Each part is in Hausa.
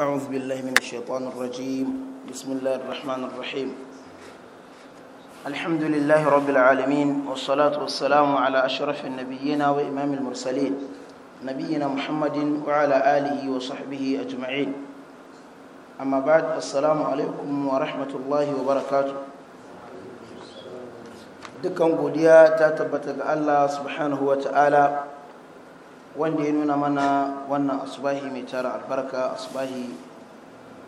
أعوذ بالله من الشيطان الرجيم بسم الله الرحمن الرحيم الحمد لله رب العالمين والصلاة والسلام على أشرف النبيين وإمام المرسلين نبينا محمد وعلى آله وصحبه أجمعين أما بعد السلام عليكم ورحمة الله وبركاته دكان قديا تتبتك الله سبحانه وتعالى wanda ya nuna mana wannan asubahi mai tara albarka asubahi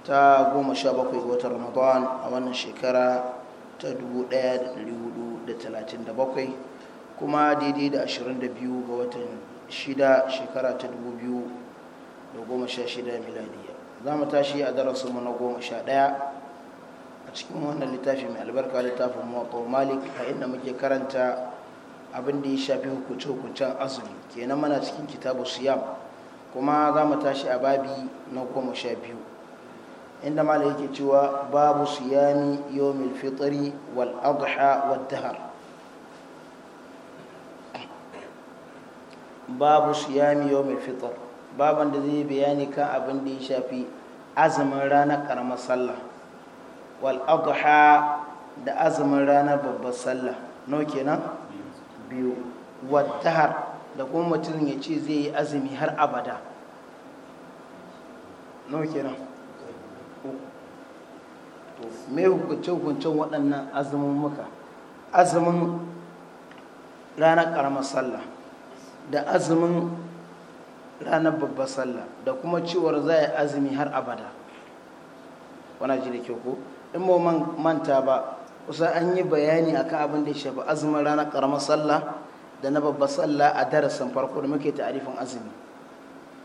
ta goma sha bakwai ga watan ramadan a wannan shekara ta 1437 kuma daidai da 22 ga watan shida shekara ta 2016 miladiya za mu tashi a darasinmu na goma sha ɗaya a cikin wannan littafi mai albarka littafin mawaƙa malik a inda muke karanta abin da ya shafi hukuce-hukucen azumi kenan mana cikin kitabu siyam kuma za mu tashi a babi na goma sha biyu inda mala yake cewa babu siyami yomil fitari wal adha wad dahar babu siyami yomil fitar, baban da zai bayani kan abin da ya shafi azumin ranar karamar sallah wal adha da azumin ranar babbar sallah nau kenan biyu wattahar da kuma mutum ya ce zai yi azumi har abada nawa kenan to me hukunce-hukuncen waɗannan azumin muka azumin ranar ƙaramar sallah da azumin ranar babbar sallah da kuma cewar za a azumi har abada wana ji da kyau ko in manta ba kusa an yi bayani akan abin da ya shafi azumin ranar karamar sallah da na babbar sallah a darasin farko da muke ta'arifin azumi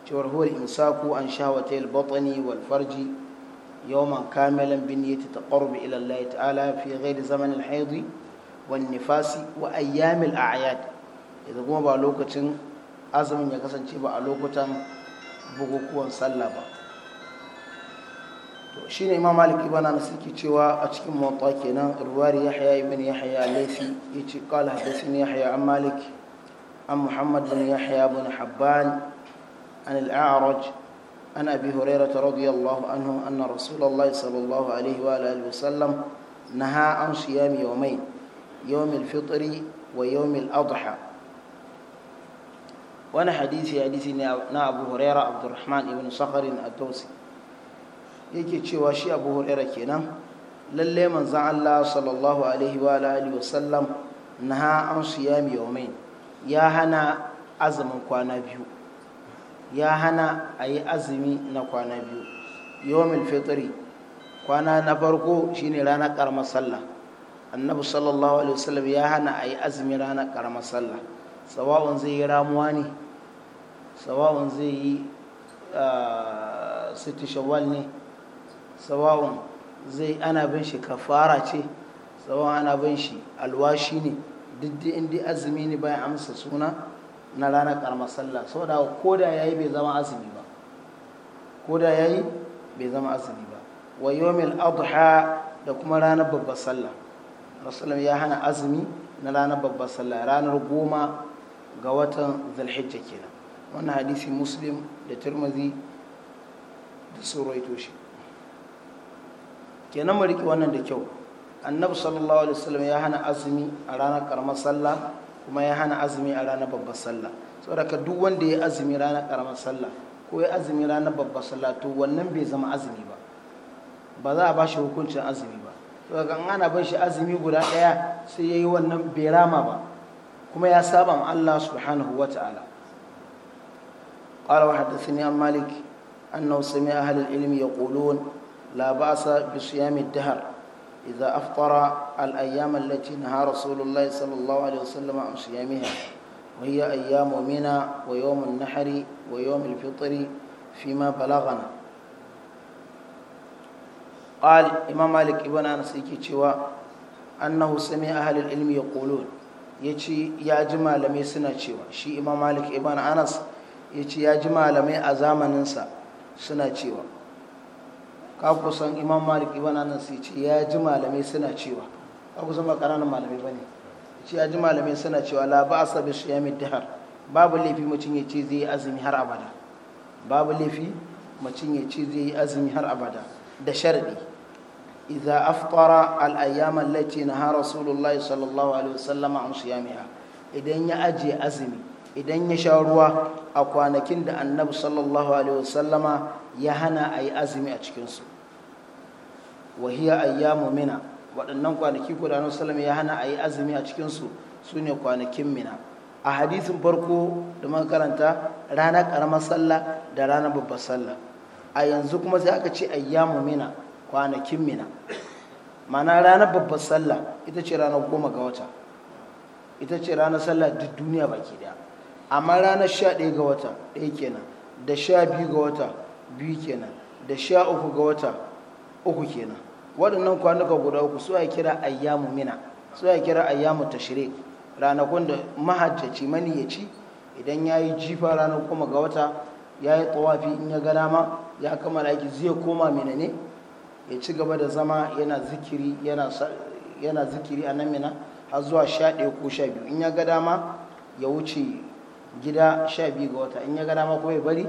cewar huwar insaku an shawata batani wal farji yawman kamilan bin yi ta ƙorbi ilallahi ta'ala fi ghairi zaman alhaidu wal nifasi wa ayyamil a'yad idan kuma ba lokacin azumin ya kasance ba a lokutan bukukuwan sallah ba to shine imam malik ibn anas yake cewa a cikin muwatta kenan ruwari yahya ibn yahya laifi yace qala hadathani yahya an malik an muhammad bin yahya bin habban an al-a'raj عن an na رضي الله عنه أن alaihi الله صلى na عليه وآله وسلم نهى عن صيام يومين يوم الفطر ويوم الأضحى وأنا hadisi حديثي نا أبو هريرة عبد الرحمن بن صخر الدوسي yake cewa shi abu huraira kenan lalle manzan Allah sallallahu alaihi wa alihi wasallam naha an siyami yawmain ya hana azumin kwana biyu ya hana a yi azumi na kwana biyu yawmin fitri kwana na farko shine ranar karamar sallah annabi sallallahu alaihi wasallam ya hana a yi azumi ranar karamar sallah sawa'un zai yi ramuwa ne sawa'un zai yi ah, siti ne sawa'un zai ana bin shi kafara ce sawa'un ana bin shi alwashi ne duk indi azumi ne bayan amsa suna na ranar karmar sallah sau da ya yi bai zama azumi ba koda da ya yi bai zama azumi ba wa adha da kuma ranar babbar sallah rasulun ya hana azumi na ranar babbar sallah ranar goma ga watan zalhijja kenan wannan hadisi muslim da turmazi da sun toshi shi kenan mu riƙe wannan da kyau annabi sallallahu alaihi wasallam ya hana azumi a ranar karamar sallah kuma ya hana azumi a ranar babbar sallah saboda duk wanda ya azumi ranar karamar sallah ko ya azumi ranar babbar sallah to wannan bai zama azumi ba ba za a ba shi hukuncin azumi ba saboda kan ana ban shi azumi guda ɗaya sai ya yi wannan bai rama ba kuma ya saba ma Allah subhanahu wa ta'ala قال وحدثني عن مالك أنه سمع أهل العلم يقولون لا بأس بصيام الدهر إذا أفطر الأيام التي نهى رسول الله صلى الله عليه وسلم عن صيامها وهي أيام منى ويوم النحر ويوم الفطر فيما بلغنا قال إمام مالك ابن أنس يكي أنه سمع أهل العلم يقولون يجي يا جماعة لم يسنا شي إمام مالك ابن أنس يجي يا جماعة لم يأزامن ننسى سنا ka kusan imam malik ibn anas ya ce ya ji malamai suna cewa ka kusan ba ƙananan malamai ba ne ce ya ji malamai suna cewa la ba asa bi shiyami dihar babu laifi mutum ya ce zai yi azumi har abada babu laifi mutum ya ce zai yi azumi har abada da sharadi idza aftara al ayyam allati naha rasulullahi sallallahu alaihi wasallam an siyamiha idan ya ajiye azumi idan ya sha ruwa a kwanakin da annabi sallallahu alaihi wasallama ya hana a yi azumi a cikinsu wahiya ayyamu mina waɗannan kwanaki guda na salam ya hana ayi azumi a cikin su sune kwanakin mina a hadisin farko da muka karanta ranar ƙaramar sallah da ranar babbar sallah a yanzu kuma sai aka ce ayyamu mina kwanakin mina mana ranar babbar sallah ita ce ranar goma ga wata ita ce ranar sallah duk duniya baki daya amma ranar sha ɗaya ga wata ɗaya kenan da sha biyu ga wata biyu kenan da sha uku ga wata uku kenan waɗannan kwanuka guda uku su ya kira ayyamu mina su ya kira ayyamu tashire ranakun da mahajjaci maniyaci idan ya yi jifa ranar kuma ga wata ya yi tsawafi in ya ga dama ya kammala aiki zai koma mina ne ya ci gaba da zama yana zikiri a nan mina har zuwa sha ɗaya ko sha biyu in ya ga dama ya wuce gida sha biyu ga wata in ya ga dama kuma ya bari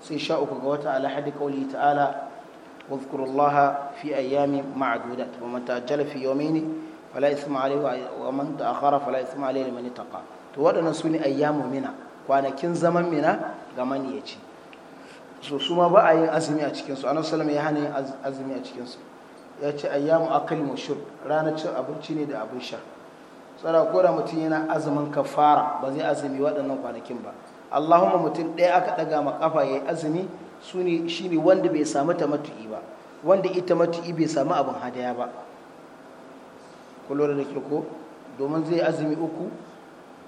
sai sha uku ga wata alhadi kauli ta'ala واذكر الله في أيام معدودات ومن تأجل في يومين فلا إثم عليه ومن تأخر فلا إثم عليه لمن اتقى تودنا نسوني أيام منا كن زمن منا غمان يأتي so su ma ba a yin azumi a cikin su annabi salama ya hana yin azumi a cikin su ya ce ayyamu akal mushur rana cin abinci ne da abin sha tsara ko da mutum yana azumin kafara ba zai azumi waɗannan kwanakin ba allahumma mutum ɗaya aka daga ma kafa ya azumi shi ne wanda bai samu matu'i ba wanda ita matu'i bai samu abin hadaya ba kullum da ko domin zai azumi uku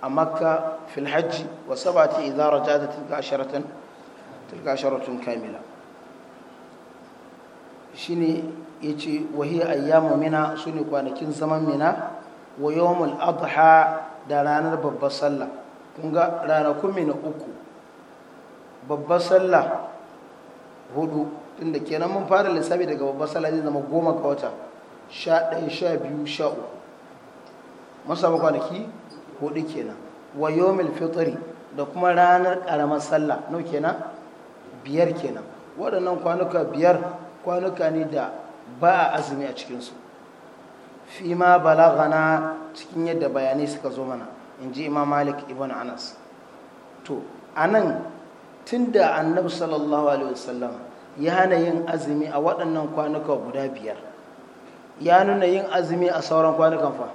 a makka filhajji wa sabata idza rajata tilka asharatan tilka asharatun kamila shine yace wa hiya ayyamu mina sune kwanakin zaman mina wa yawmul adha da ranar babbar sallah kun ga ranakun mina uku babbar sallah hudu tunda kenan mun fara lissafi daga babbar sallah zai zama goma ga wata sha ɗaya sha biyu sha uku mun samu kwanaki hudu kenan wa yomil fitri da kuma ranar karamar sallah nau kenan biyar kenan waɗannan kwanuka biyar kwanuka ne da ba a azumi a cikinsu fi ma balagana cikin yadda bayanai suka zo mana in ji imam malik ibn anas to a nan. tunda annabi sallallahu alaihi wasallam ya hana yin azumi a waɗannan kwanuka guda biyar ya nuna yin azumi a sauran kwanukan fa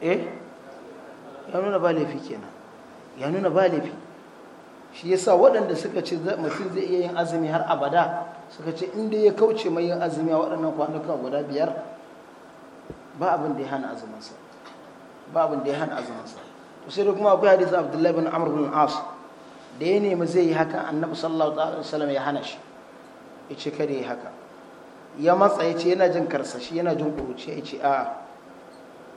eh ya nuna ba laifi kenan ya nuna ba laifi shi yasa waɗanda suka ce mutum zai iya yin azumi har abada suka ce inda ya kauce mai yin azumi a waɗannan kwanuka guda biyar ba abin da ya hana azuminsa ba abin da ya hana azuminsa sai da kuma akwai hadisin abdullahi bin amr bin as da ya nemi zai yi haka annabi sallallahu alaihi wasallam ya hana shi ya ce kada ya haka ya matsa ya ce yana jin karsashi yana jin kuruci ya ce a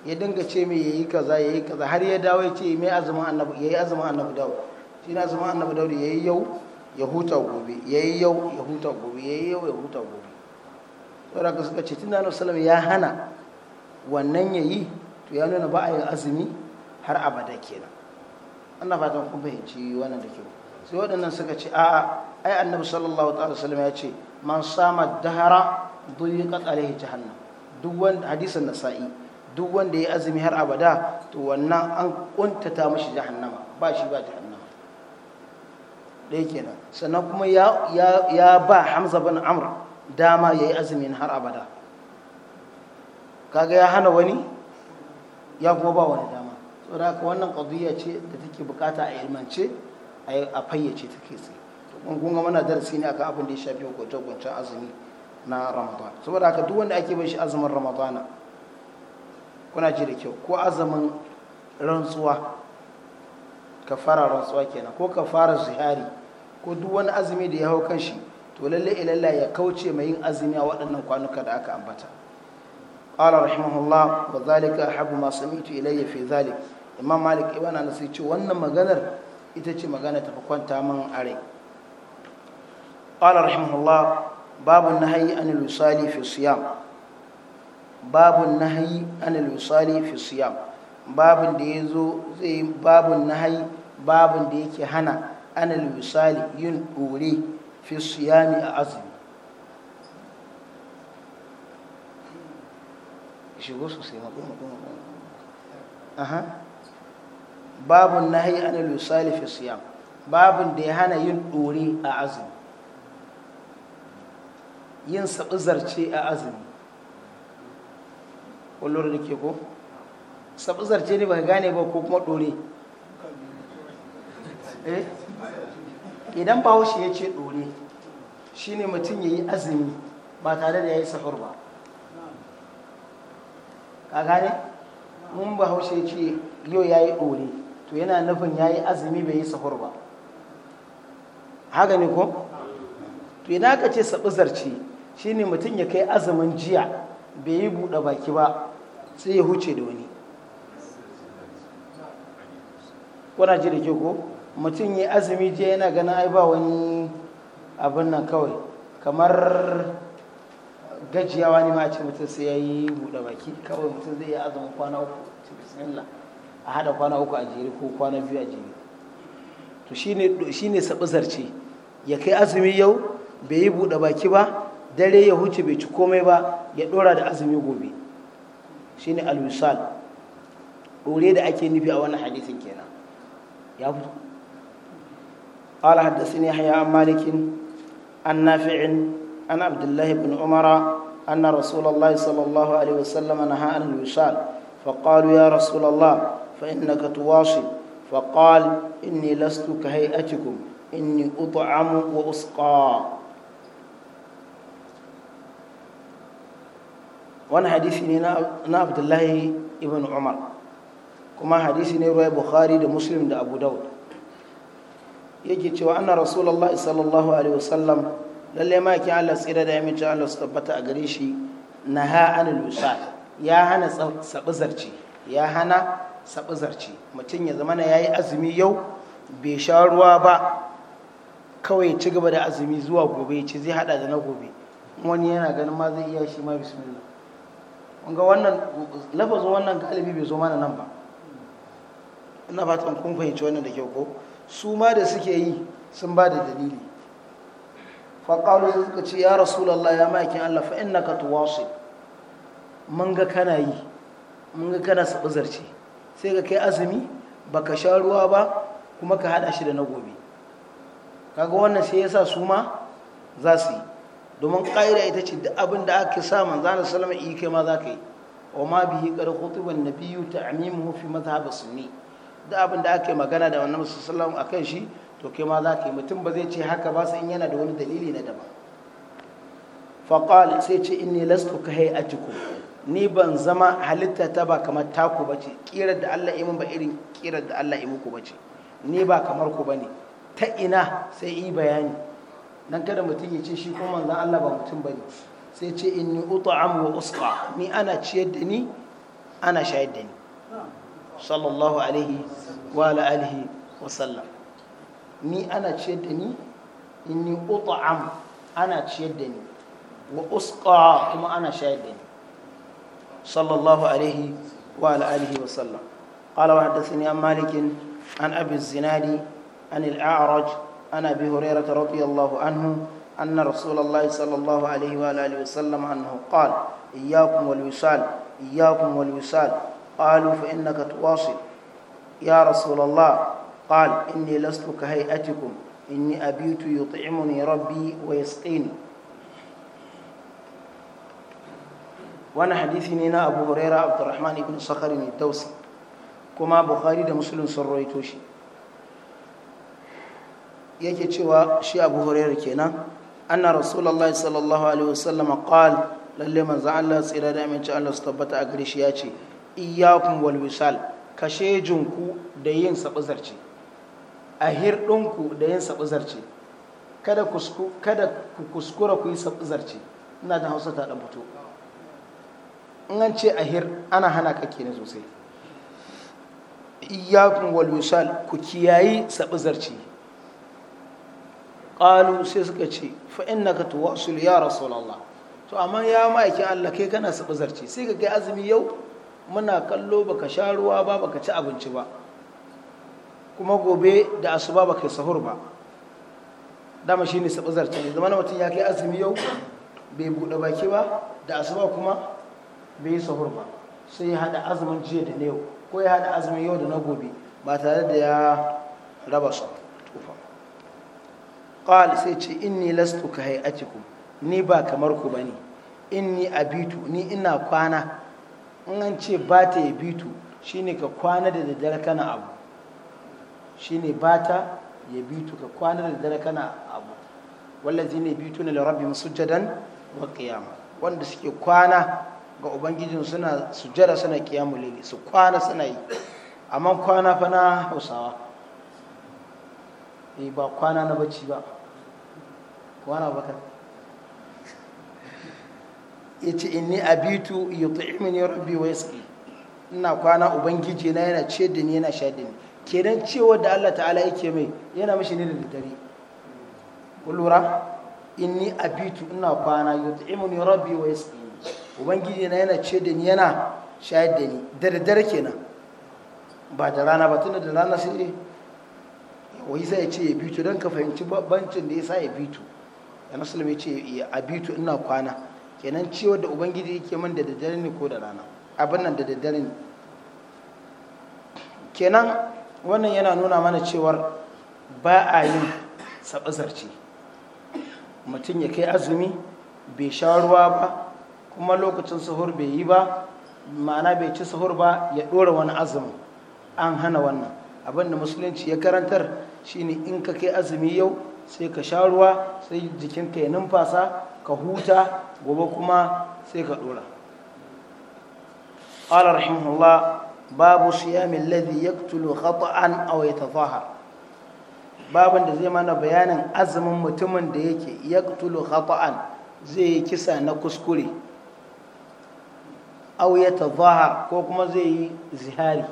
ya dinga ce mai yayi kaza yayi kaza har ya dawo ya ce mai azumin annabi yayi azumin annabi dawo shi na azumin annabi dawo yayi yau ya huta gobe yayi yau ya huta gobe yayi yau ya huta gobe saboda ka suka ce tunda annabi sallallahu alaihi wasallam ya hana wannan yayi to ya nuna ba a yin azumi har abada kenan ana fatan kun fahimci wannan da kyau sai waɗannan suka ce a'a ai annabi sallallahu alaihi wasallam ya ce man sama dahara duyiqat alaihi jahannam duk wanda hadisin nasa'i duk wanda ya azumi har abada to wannan an kuntata mishi jahannama ba shi ba jahannama ɗaya kenan sannan kuma ya ya ba hamza bin amr dama yayi azumin har abada kaga ya hana wani ya kuma ba wani dama saboda wannan qadiyya ce da take bukata a ilmance a fayyace ta ke tsaye to kun mana darasi ne akan abin da ya shafi hukunce hukuncen azumi na Ramadana. saboda haka duk wanda ake bai shi azumin ramadana kuna ji da kyau ko azumin rantsuwa kafara rantsuwa kenan ko ka fara zihari ko duk wani azumi da ya hau kan shi to lalle ilalla ya kauce mai yin azumi a waɗannan kwanuka da aka ambata qala rahimahullah wa dhalika habbu ma sami'tu imam malik ibn anas ya ce wannan maganar ita ce magana ta kwanta man are qala rahimahullah babu nahyi an al-wisali fi siyam babu nahyi an al-wisali fi siyam babun da yazo zai babun nahyi babun da yake hana an al-wisali yin dore fi siyami a azumi shigo sosai maɗo maɗo maɗo aha babun na hai ana wisal fi siyam babun da ya hana yin ɗori a azumi yin sabu zarce a azumi kullur da ke ko sabu zarce ne ba gane ba ko kuma dore eh idan wasu ya ce shi shine mutum ya yi azumi ba tare da ya yi safar ba ka gane mun ya ce yau ya yi dore to yana nufin ya yi azumi bai yi sahur ba haka ne ko to idan aka ce saɓi zarce ne mutum ya kai azumin jiya bai yi buɗe baki ba sai ya huce da wani kuna ji da ke ko mutum ya azumi jiya yana ganin ai ba wani abin nan kawai kamar gajiyawa ne ma ce mutum sai ya yi buɗe baki kawai mutum zai yi azumin kwana uku a hada kwana uku a jere ko kwana biyu a jere to shi ne saɓi zarce ya kai azumi yau bai yi buɗe baki ba dare ya huce bai ci komai ba ya ɗora da azumi gobe shi ne alwisal ɗore da ake nufi a wannan hadisin kenan ya fito قال حدثني يحيى عن مالك عن نافع عن عبد الله بن عمر أن رسول الله صلى الله عليه وسلم نهى عن الوصال فقالوا يا رسول الله فإنك تواصل فقال إني لست كهيئتكم إني أطعم وأسقى wani hadisi ne na abdullahi ibn umar kuma hadisi ne ruwa bukhari da muslim da abu daud cewa ana rasulallah sallallahu alaihi wasallam lalle ma allah tsira da yamin allah su tabbata a gare shi na ha'anul wusal ya hana sabi zarci ya hana sabizarci mutum ya zama na yi azumi yau bai sha ruwa ba kawai ci gaba da azumi zuwa gobe ci zai hada da na gobe wani yana ganin ma zai iya shi ma bismillah ga wannan lafazin wannan galibi bai zo mana nan ba ina tsan kun fahimci wannan da kyau ko su ma da suke yi sun ba da dalili faƙalu da suka ce ya rasulallah ya ma'aikin allah fa tuwa su. mun ga kana yi mun ga kana sabizarci sai ka kai azumi ba ka sha ruwa ba kuma ka hada shi da na gobe kaga wannan sai ya sa su ma za su yi domin ƙa'ida ita ce duk abin da aka sa manzo Allah sallama yi kai ma za ka yi wa ma bihi qad khutiba an-nabiyyu ta'mimuhu fi madhhab sunni duk abin da aka magana da annabi sallallahu alaihi akan shi to kai ma za ka yi mutum ba zai ce haka ba sai in yana da wani dalili na daban fakal sai ce inni lastu ka hay'atikum ni ban zama halitta ta ba kamar taku bace kirar da Allah imin ba irin kirar da Allah imin ku bace ni ba kamar ku ba ne, ta ina sai yi bayani dan kada mutum ya ce shi kuma manzon Allah ba mutum ba ne, sai ce in ni inni ut'am wa uska ni ana ciyar da ni ana shayar da ni sallallahu alaihi wa ala alihi wa sallam ni ana ciyar da ni in ni inni ut'am ana ciyar da ni wa uska kuma ana shayar da ni صلى الله عليه وعلى آله وسلم قال وحدثني عن مالك عن أبي الزناد عن الأعرج عن أبي هريرة رضي الله عنه أن رسول الله صلى الله عليه وعلى آله وسلم عنه قال إياكم والوصال إياكم والوصال قالوا فإنك تواصل يا رسول الله قال إني لست كهيئتكم إني أبيت يطعمني ربي ويسقيني wani hadisi ne na abu huraira abdurrahman ibn sakhari ne tausi kuma bukhari da musulun sun rawaito shi yake cewa shi abu huraira kenan anna rasulullah sallallahu alaihi wasallam qal lalle manzo Allah tsira da aminci Allah su tabbata a gare shi ya ce iyyakum wal wisal kashe jinku da yin sabuzarci a hirdinku da yin sabuzarci kada ku kuskura ku yi sabuzarci ina da Hausa ta dan fito in an ce ahir ana hana ka kenan sosai iyakun wal wisal ku kiyayi sabu zarci qalu sai suka ce fa innaka tuwasul ya rasulullah to amma ya ma'aikin Allah kai kana sabu zarci sai ka kai azumi yau muna kallo baka sha ruwa ba baka ci abinci ba kuma gobe da asuba baka sahur ba dama shine sabu zarci ne na mutum ya kai azumi yau bai buɗe baki ba da asuba kuma bai yi sahur ba sai ya haɗa azumin jiya da na yau ko ya haɗa azumin yau da na gobe ba tare da ya raba su tufa ƙwal sai ce inni lastu ka ku ni ba kamar ku bane inni abitu ni ina kwana in an ce ba ta yabitu shine ka kwana da daddare kana abu shine ba ta bitu ka kwana da daddare kana abu bitu ne da rabbihim sujadan wa qiyama wanda suke kwana ga ubangijin suna sujjara suna kiyamu lili su kwana suna yi amma kwana fa na hausawa eh ba kwana na bacci ba kwana bakar yace inni abitu yut'imuni rabbi wa yaski ina kwana ubangiji na yana ce da ni yana sha da ni kenan cewa da Allah ta'ala yake mai yana mishi ne da dare kullura lura inni abitu ina kwana yut'imuni rabbi wa yaski ubangiji na yana ce da ni yana shayar da ni da daddare kenan ba da rana ba tunda da rana sai ne wai sai ya ce ya bitu don ka fahimci bancin da ya sa ya bitu ya musulmi ya ce a bitu ina kwana kenan cewa da ubangiji yake man da daddare ne ko da rana abin nan da daddare ne kenan wannan yana nuna mana cewar ba a yin sabazarci mutum ya kai azumi bai sha ruwa ba kuma lokacin suhur bai yi ba ma'ana bai ci suhur ba ya ɗora wani azumin an hana wannan abin da musulunci ya karantar shine in ka kai azumi yau sai ka sha ruwa sai jikinka ya numfasa ka huta gobe kuma sai ka ɗora قال رحمه الله باب ya tulo يقتل خطأ أو tafaha. babin da zai mana bayanin azumin mutumin da yake ya kutulu an zai yi kisa na kuskure au ya tazahar ko kuma zai yi zihari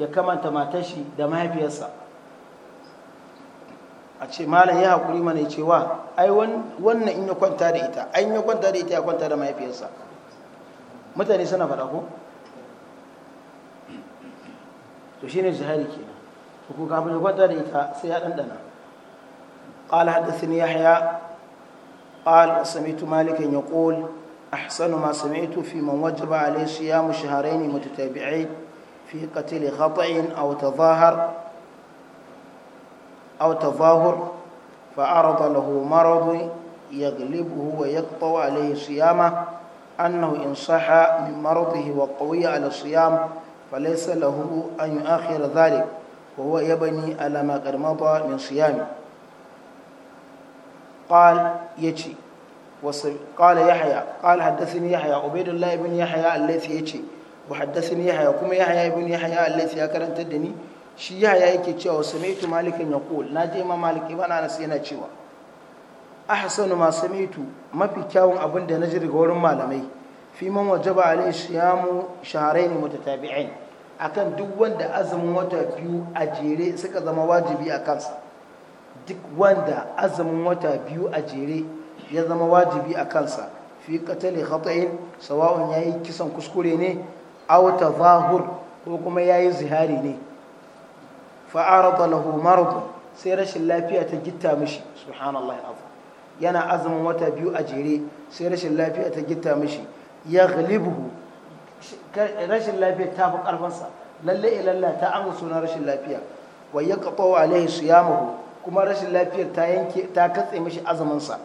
ya kamanta matashi da mahaifiyarsa a ce malam ya haƙuri mana cewa ai wannan in ya kwanta da ita ai in ya kwanta da ita ya kwanta da mahaifiyarsa mutane suna faɗa ko to shine zihari kenan to kuka kafin ya kwanta da ita sai ya ɗanɗana قال حدثني يحيى قال سمعت مالكا يقول أحسن ما سمعت في من وجب عليه صيام شهرين متتابعين في قتل خطأ أو تظاهر أو تظاهر فعرض له مرض يغلبه ويقطع عليه صيامه أنه إن صح من مرضه وقوي على الصيام فليس له أن يؤخر ذلك وهو يبني على ما قد مضى من صيامه قال يجي قال يحيى قال حدثني يحيى عبيد الله بن يحيى الليثي ya وحدثني يحيى كما يحيى بن يحيى الليثي يكرن تدني shi yaya yake cewa sami'tu malikin yaqul na je ma maliki ibn anas yana cewa ahsanu ma sami'tu mafi kyawun abin da na ji daga wurin malamai fi man wajaba alai siyamu shahrayn mutatabi'ain akan duk wanda azumin wata biyu a jere suka zama wajibi a kansa duk wanda azumin wata biyu a jere ya zama wajibi a kansa fi qatali khata'in sawa'un yayi kisan kuskure ne aw tazahur ko kuma yayi zihari ne fa arada lahu marad sai rashin lafiya ta gitta mishi subhanallahi azim yana azumin wata biyu a jere sai rashin lafiya ta gitta mishi ya ghalibuhu rashin lafiya ta fi karfansa lalle ilalla ta amsa sunan rashin lafiya wa yaqta alaihi siyamahu kuma rashin lafiyar ta yanke ta katse mishi azumin sa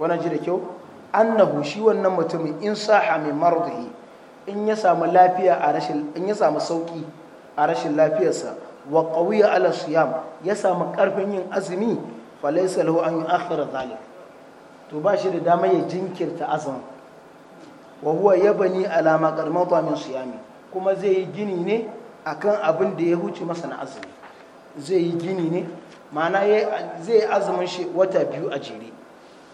wani ji da kyau an annahu shi wannan mutumin in saha mai mardihi in ya samu lafiya a rashin in ya samu sauki a rashin lafiyarsa wa qawiya ala siyam ya samu karfin yin azumi fa laysa lahu an yu'akhkhira dhalik to ba shi da dama ya jinkirta azumi wa huwa yabni ala ma qad min siyami kuma zai yi gini ne akan abin da ya huce masa na azumi zai yi gini ne ma'ana zai azumin shi wata biyu a jere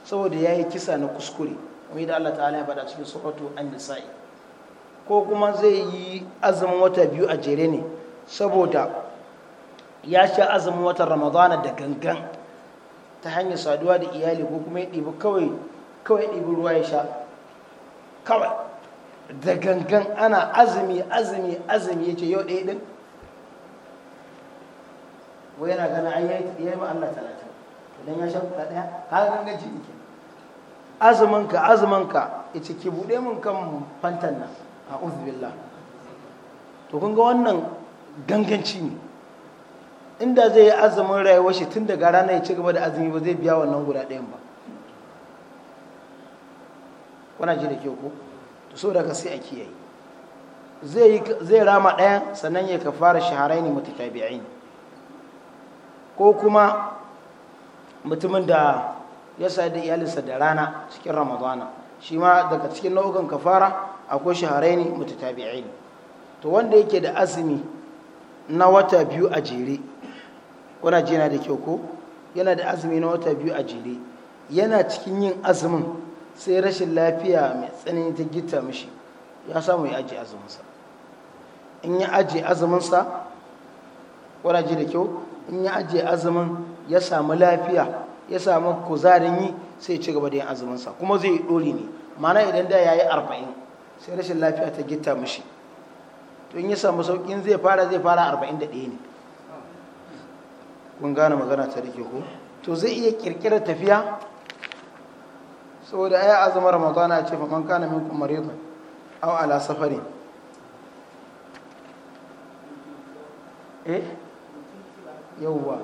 saboda ya yi kisa na kuskure mai da Allah ta'ala ya faɗa cikin suratu an nisa'i ko kuma zai yi azumin wata biyu a jere ne saboda ya sha azumin watan ramadana da gangan ta hanyar saduwa da iyali ko kuma ya ɗibi kawai kawai ɗibi ruwa ya sha kawai da gangan ana azumi azumi azumi ya ce yau ɗaya ɗin wai yana gana ayyai ya yi ma Allah talatin idan ya sha kuɗa ɗaya ka gangan jini ke azumanka azumanka ya ce ki buɗe min kan fantan nan a uzbillah to kun ga wannan ganganci ne inda zai yi azumin rayuwar shi tun daga rana ya ci gaba da azumi ba zai biya wannan guda ɗayan ba kuna ji da kyau ko to so daga sai a kiyaye zai rama ɗayan sannan ya fara shaharai ne mutu ko kuma mutumin da ya sadu da iyalinsa da rana cikin ramadana shi ma daga cikin nau'ukan kafara akwai shaharaini ne. to wanda yake da azumi na wata biyu a jere kuna ji yana da kyau ko yana da azumi na wata biyu a jere yana cikin yin azumin sai rashin lafiya mai tsanani ta gita mishi ya samu ya ajiye azuminsa in ya ajiye azuminsa kuna ji da kyau in ya ajiye azumin ya samu lafiya ya samu kuzarin yi sai ci gaba da yin azuminsa kuma zai dori ne mana idan da ya yi arba'in sai rashin lafiya ta gita mashi to in ya samu saukin zai fara zai fara arba'in da ɗaya ne kun gane magana ta rike ko to zai iya kirkirar tafiya saboda ayi azumin magana ce faman kana min kuma maridan au ala safari. eh yawwa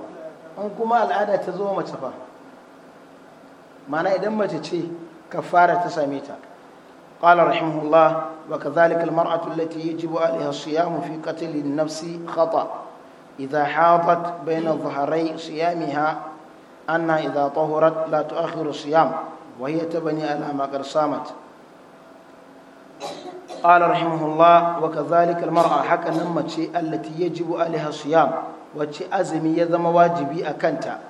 an kuma al'ada ta zo mace fa mana idan mace ce kafara ta same ta ƙwallar rahimahullah wa ka zalikal mar'atullati ya ji wa al'asiyamu fi katilin nafsi khata idan haifat bayanan zaharai siyami ha an na idan tahorat latu akhiru siyam waye ta bani alamakar samat ƙwallar rahimahullah ka zalikal mar'a haka nan mace allati ya ji wa al'asiyam wacce azumi ya zama wajibi a kanta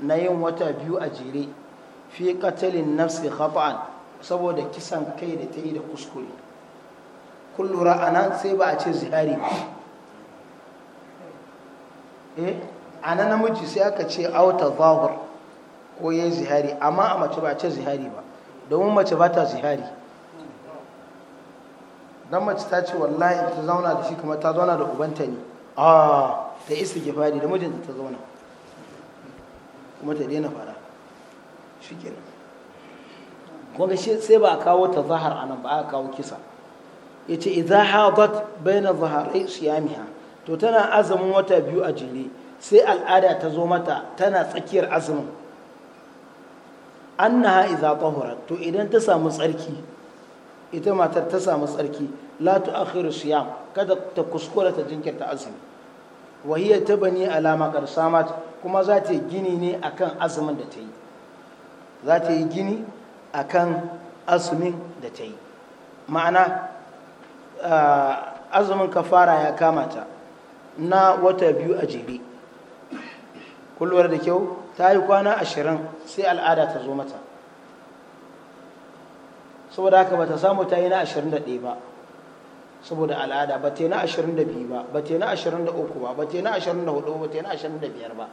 na yin wata biyu a jere fi katalin nafsi khata'an saboda kisan kai da ta yi da kuskure kun lura nan sai ba a ce zihari ba eh ana namiji sai aka ce auta zahur ko yayi zihari amma a mace ba a ce zihari ba domin mace ba ta zihari dan mace ta ce wallahi ta zauna da shi kuma ta zauna da ubanta ne a ah, ta isa gifari da mijinta ta zauna kuma ta daina fara shi kenan kuma sai ba a kawo ta zahar a ba a kawo kisa ya ce idza hadat baina zaharai siyamiha to tana azumin wata biyu a jere sai al'ada ta zo mata tana tsakiyar azumin an annaha za tahurat to idan ta samu tsarki ita matar ta samu tsarki la su siyam kada ta kuskura ta jinkirta azumi wahiyar ta bani alama mata kuma za ta gini ne akan azumin da ta yi za ta yi gini a kan azumin da ta yi ma'ana azumin kafara ya kamata na wata biyu a jere kullum da kyau ta yi kwana ashirin sai al'ada ta zo mata saboda haka ba ta samu ta yi na ashirin da ɗaya ba saboda al'ada ba ta yi na ashirin da biyu ba ba ta yi na ashirin da uku ba ba ta yi na ashirin da hudu ba ta yi na ashirin da biyar ba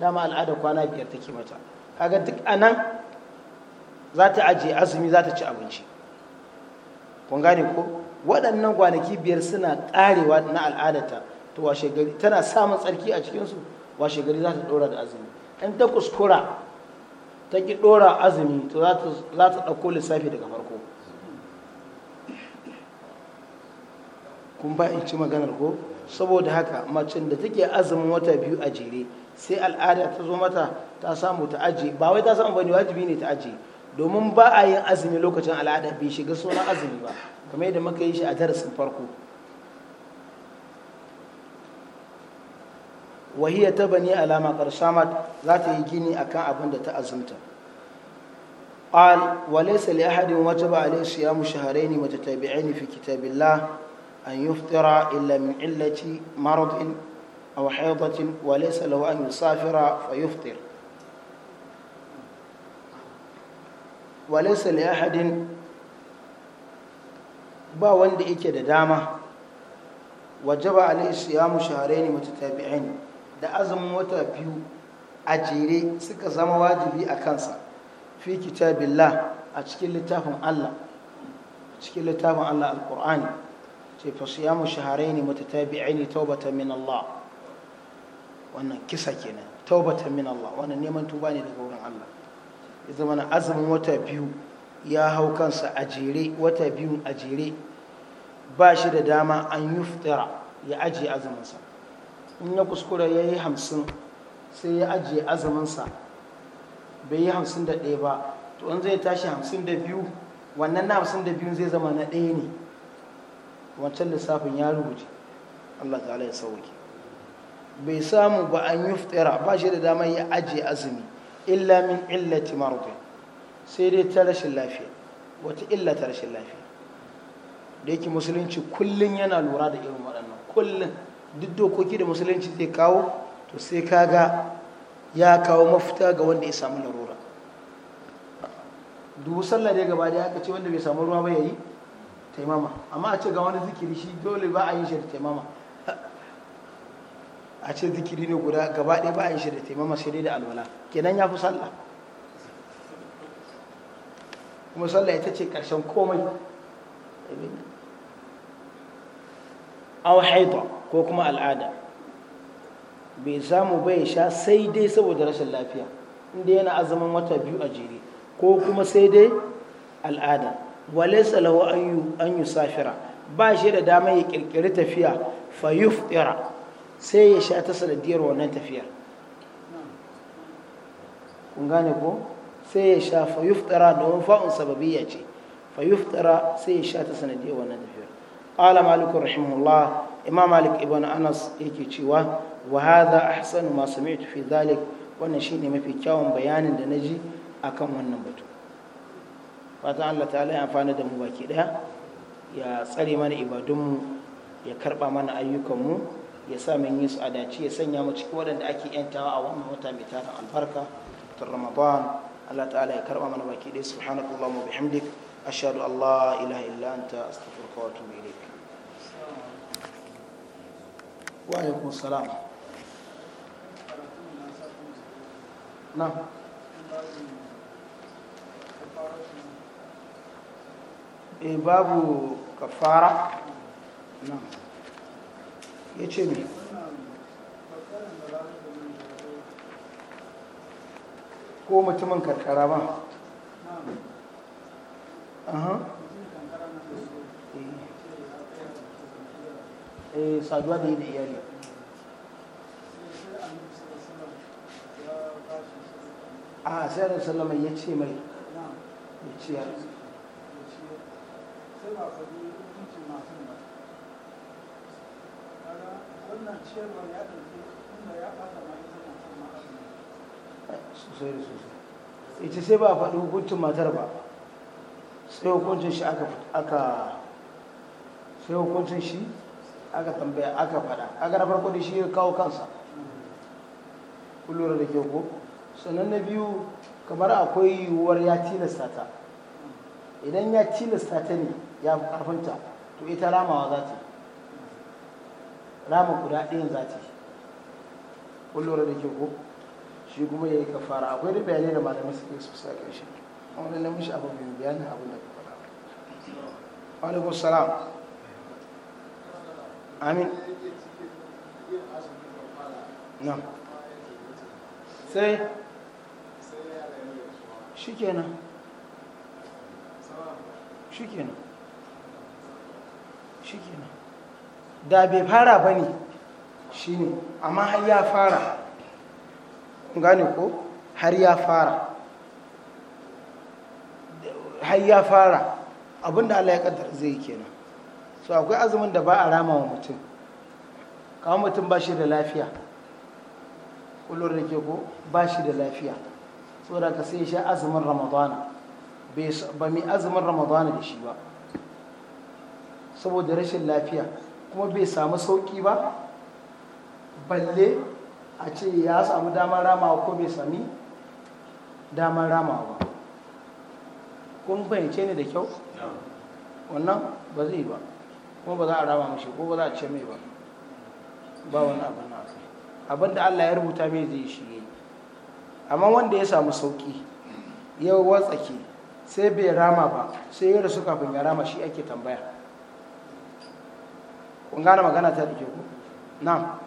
dama al'ada kwana biyar take mata kaga duk anan za ta ajiye azumi za ta ci abinci kun gane ko waɗannan kwanaki biyar suna ƙarewa na al'adata to washe gari tana samun tsarki a cikinsu washe gari za ta ɗora da azumi in ta kuskura ta ki ɗora azumi to za ta ɗauko lissafi daga farko kun ba in ci maganar ko saboda haka macin da take azumin wata biyu a jere sai al'ada ta zo mata ta samu ta ajiye ba wai ta samu bane wajibi ne ta ajiye domin ba a yin azumi lokacin al'ada bai shiga sunan azumi ba kamar yadda muka yi shi a darasin farko wahiya ta bani alama karsamat za ta yi gini akan abin da ta azumta قال وليس لأحد وجب عليه صيام شهرين متتابعين في كتاب الله أن يفطر إلا من علة مرض أو حيضة وليس له أن يسافر فيفطر walaysa li ahadin ba wanda yake da dama wajaba alaihi siyamu shahrayn mutatabi'ain da azumin wata biyu a jere suka zama wajibi a kansa fi kitabillah a cikin littafin Allah A cikin littafin Allah alqur'ani ce fa siyamu shahrayn mutatabi'ain tawbatan min Allah wannan kisa kenan tawbatan min Allah wannan neman tuba ne daga wurin Allah ya zama na azumin wata biyu ya hau kansa a jere wata biyun a jere ba shi da dama an yi fitara ya ajiye azuminsa in ya kuskura ya yi hamsin sai ya ajiye azuminsa bai yi hamsin da ɗaya ba to in zai tashi hamsin da biyu wannan na hamsin da biyun zai zama na ɗaya ne wancan lissafin ya rubuce allah ta'ala ya sauke bai samu ba an yi fitara ba shi da dama ya ajiye azumi illa min illati marudin sai dai ta rashin lafiya wata illa ta rashin lafiya da yake musulunci kullum yana lura da irin waɗannan kullum duk dokoki da musulunci zai kawo to sai kaga ya kawo mafita ga wanda ya samu larura dubu sallah da gaba da ce wanda bai samu ruwa ba yayi taimama amma a ce ga wani zikiri shi dole ba a yi shi da taimama a ce zikiri ne guda gaba ɗaya ba a yi shi da taimama sai dai da alwala kenan ya fi sallah kuma sallah ita ce ƙarshen komai a haida ko kuma al'ada bai samu bai sha sai dai saboda rashin lafiya inda yana azumin wata biyu a jere ko kuma sai dai al'ada walai salawa an yi safira ba shi da dama ya kirkiri tafiya fa yuftira sai ya sha ta sanadiyar wannan tafiyar kun gane ko sai ya sha fayuftara domin fa'un sababiyya ce fayuftara sai ya sha ta sanadiyar wannan tafiyar qala malik rahimahullah imam malik ibn anas yake cewa wa hadha ahsanu ma sami'tu fi dhalik wannan shine mafi kyawun bayanin da naji akan wannan batu fatan Allah ta'ala ya amfana da mu baki daya ya tsare mana ibadunmu ya karba mana ayyukanmu ya sa min yi su a ya sanya mu ciki waɗanda ake yantawa a wannan wata mai tarin albarka ta ramadan allah ta'ala ya karɓa mana baki ɗaya subhanakallah wa bihamdik ashhadu an la ilaha illa anta astaghfiruka wa atubu ilaik wa alaikum salam na eh, babu kafara na ko mutumin karkara ba eh. eh saduwa da yi iyali a salama ya ce mai ya ya. sai ba masu wannan ciyarwar ya ɗauki inda ya ma ita matar sosai da sosai ita sai ba a faɗi hukuncin matar ba sai hukuncin shi aka sai hukuncin shi aka tambaya aka faɗa aka na farko da shi ya kawo kansa kullum da ke ko sannan na biyu kamar akwai yiwuwar ya tilasta ta idan ya tilasta ta ne ya karfinta to ita ramawa za ta yi rama guda ɗayan za ta yi kun lura da ke ko shi kuma ya yi kafara akwai da bayanai da malamai suke su sa ƙarshe wani na mishi abin bai bayanin abin da ka faɗa alaikum salam amin na sai shi kenan shi kenan shi kenan da bai fara ba ne shi ne amma har ya fara gane ko har ya fara har ya fara abinda allah ya kaddar zai kenan so akwai azumin da ba a rama wa mutum kawo mutum ba shi da lafiya kullum da ke ko ba shi da lafiya saboda ka sai sha azumin ramadana ba mai azumin ramadana da shi ba saboda rashin lafiya kuma bai samu sauƙi ba balle a ce ya samu damar ramawa ko bai sami damar ramawa ba kun fahimce ne da kyau wannan ba zai ba kuma ba za a rama mashi ko ba za a ce mai ba ba wani abin na abin da allah ya rubuta mai zai shige amma wanda ya samu sauƙi ya watsake sai bai rama ba sai ya rasu kafin ya rama shi ake tambaya kun gane magana ta dake ku na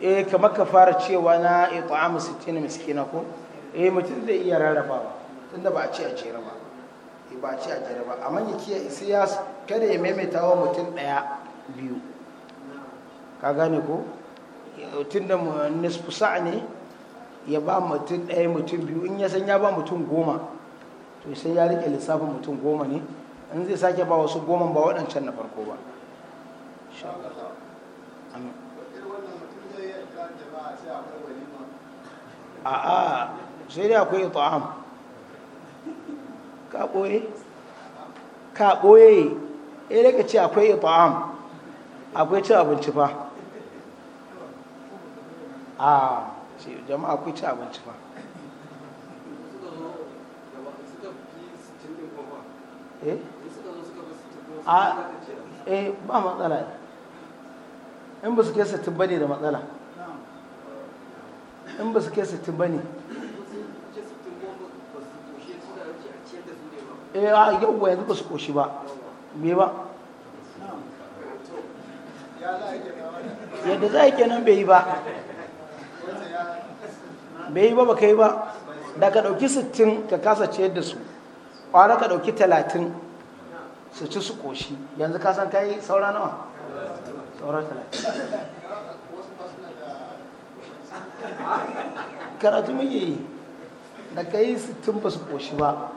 eh kamar ka fara cewa na ita'amu 60 miskina ko e mutum zai iya rarrabawa tunda ba a ce a cera ba ba ci a jere ba amma ya sai ya kada ya maimaita wa mutum ɗaya biyu ka gane ko tun da nisfu ya ba mutum ɗaya mutum biyu in ya san ya ba mutum goma to sai ya rike lissafin mutum goma ne in zai sake ba wasu goma ba waɗancan na farko ba a'a sai dai akwai ta'am ka ɓoye ka ɓoye eh daga ce akwai ifa'am akwai ci abinci fa a ce jama'a akwai ci abinci fa eh? eh ba matsala in ba su kai sittin ba da matsala in ba su kai sittin ba eh a yawwa yanzu ba su koshi ba me ba yadda za a yi kenan bai yi ba bai yi ba ba kai ba da ka ɗauki sittin ka kasa ce da su ƙwara ka ɗauki talatin su ci su koshi yanzu ka san kai saura nawa saura talatin karatu muke yi da ka yi sittin ba su koshi ba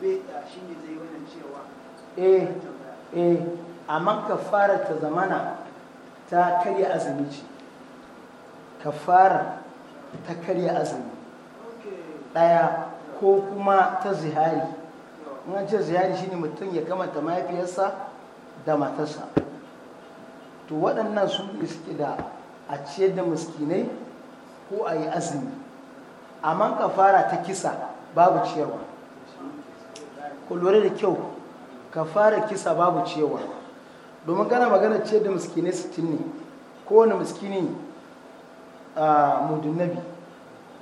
A shi eh, eh, kafara ta zamana ta karya azumi ce kafara ta karya azumi ɗaya ko kuma ta zihari in an ce zihari shine mutum ya kamata mahaifiyarsa da matarsa to waɗannan su ne suke da a ciyar da muskinai ko a yi azumi amma kafara ta kisa babu ciyarwa ku lura da kyau ka fara kisa babu cewa domin kana magana ce da miskinai sittin ne kowane miskini a nabi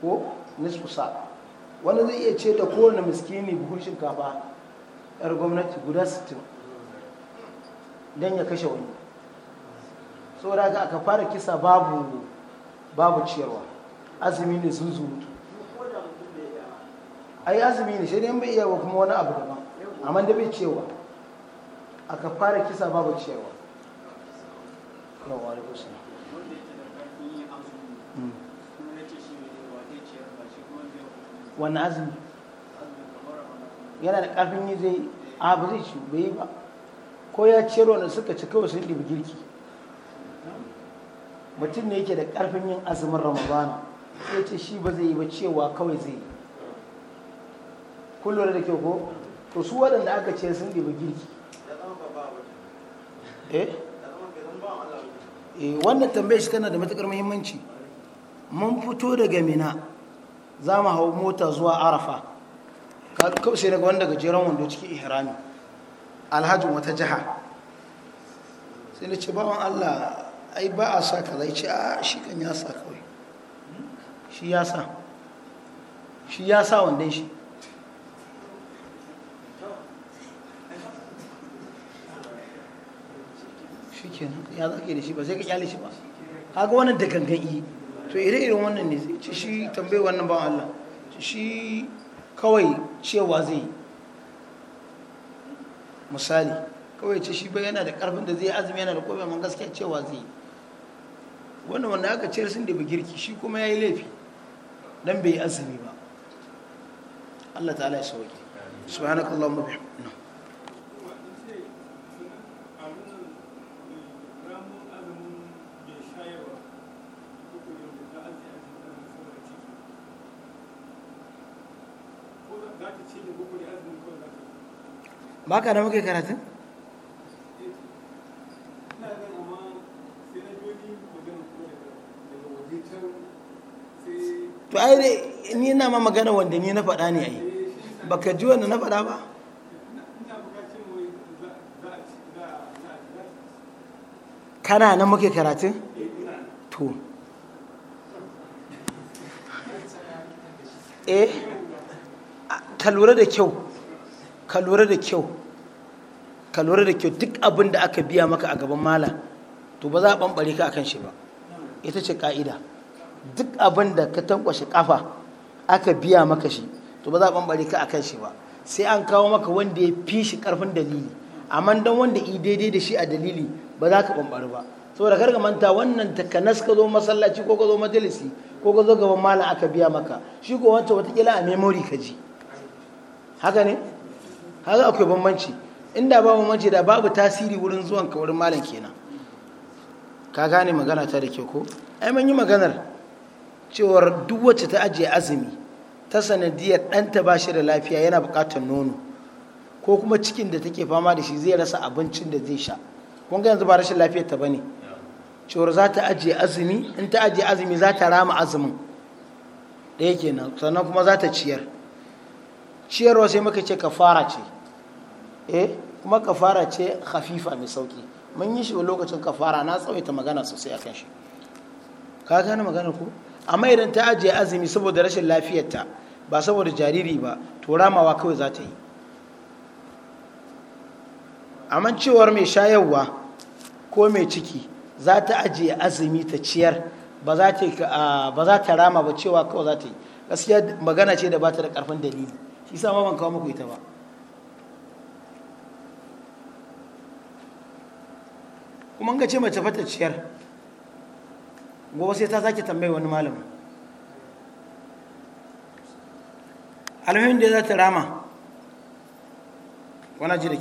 ko nisfu sa wanda zai iya ce da kowane miskini buhun shinkafa yar gwamnati guda sittin don ya kashe wani saboda da aka fara kisa babu babu ciyarwa azumi ne sun zurutu ai azumi ne shi ne bai iya kuma wani abu da amma da bai cewa aka fara kisa babu cewa kusa wani azumi mm. yana da ƙarfin yi zai a ba zai ci bai ba ko ya ciyar wanda suka ci kawai sun ɗibi girki mutum ne yake da ƙarfin yin azumin ramadana sai ce shi ba zai yi ba cewa kawai zai yi kullum da kyau ko to su waɗanda aka ce sun ɗibi girki eh, eh wannan tambaye shi tana da matuƙar muhimmanci mun fito daga mina za mu hau mota zuwa arafa kawai sai daga wanda gajeren wando cikin ihrami alhajin wata jiha sai na ce bawan allah ai ba a sa ka zai ce a shi kan ya sa kawai shi ya sa shi ya sa wandon shi shi kenan ya za ka da shi ba sai ka kyale shi ba haka wannan da gangan to ire-iren wannan ne zai shi tambayi wannan ba Allah shi kawai cewa zai misali kawai ce shi bai yana da karfin da zai azumi yana da kobe man gaskiya cewa zai wanda wanda aka ciyar sun da girki shi kuma ya yi laifi don bai azumi ba Allah ta'ala ya sauke subhanakallahumma bihamdika baka da muke karatun? to ai ni na ma magana wanda ni na faɗa ne ai baka ji wanda na faɗa ba kana nan muke karatun? to eh ka lura da kyau ka lura da kyau ka lura da kyau duk abin da aka biya maka a gaban mala to ba za a bambare ka akan shi ba ita ce ka'ida duk abin da ka tankwashe kafa aka biya maka shi to ba za a bambare ka akan shi ba sai an kawo maka wanda ya fi shi karfin dalili amma dan wanda i daidai da shi a dalili ba za ka bambare ba saboda kar ka manta wannan takanas ka zo masallaci ko ka zo majalisi ko ka zo gaban mala aka biya maka shi ko wancan watakila a memory ka ji haka ne haka akwai bambanci inda ba bambanci da babu tasiri wurin zuwan ka wurin malam kenan ka gane magana ta da ke ko ai yi maganar cewar duk wacce ta ajiye azumi ta sanadiyar ɗanta ba shi da lafiya yana buƙatar nono ko kuma cikin da take fama da shi zai rasa abincin da zai sha kun yanzu ba rashin lafiyar ta bane cewar za ta ajiye azumi in ta ajiye azumi za ta rama azumin ɗaya kenan sannan kuma za ta ciyar ciyarwa sai muka ce kafara ce eh kuma kafara ce hafifa mai sauki mun yi shi lokacin kafara na tsawaita magana sosai a kan shi ka gane magana ko amma idan ta ajiye azumi saboda rashin lafiyarta ba saboda jariri ba to ramawa kawai za ta yi amma cewar mai shayarwa ko mai ciki za ta ajiye azumi ta ciyar ba za ta ah, rama ba cewa kawai za ta yi gaskiya magana ce da ba ta da karfin dalili shi sa ma ban kawo muku ita ba kuma ga ce mace fata ciyar gobe sai ta zaki tambayi wani malamin alhamdulillah za ta rama wana ji da